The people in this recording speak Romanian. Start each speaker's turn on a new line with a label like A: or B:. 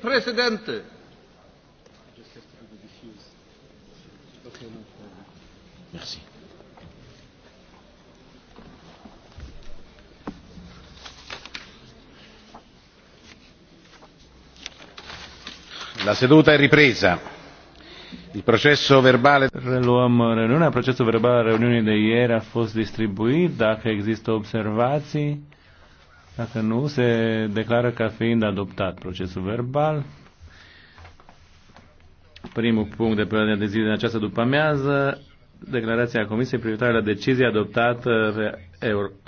A: președinte. Merci.
B: La seduta è ripresa. Il processo verbale.
C: Reluăm reuniunea. Procesul verbal al reuniunii de ieri a fost distribuit. Dacă există observații. Dacă nu, se declară ca fiind adoptat procesul verbal. Primul punct de pe ordinea de zi din această după amiază, declarația Comisiei privitoare la decizia adoptată euro,